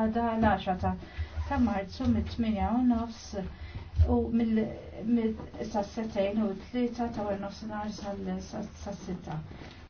għada l-10 ta', marzu mit-8 u nofs u mill-sassetajn u t 3 ta' għal nofs nar sal-sitta.